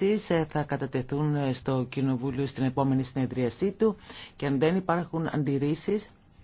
τις ε, θα κατατεθούν ε, στο Κοινοβούλιο στην επόμενη συνεδρίασή του και αν δεν υπάρχουν αντιρρήσεις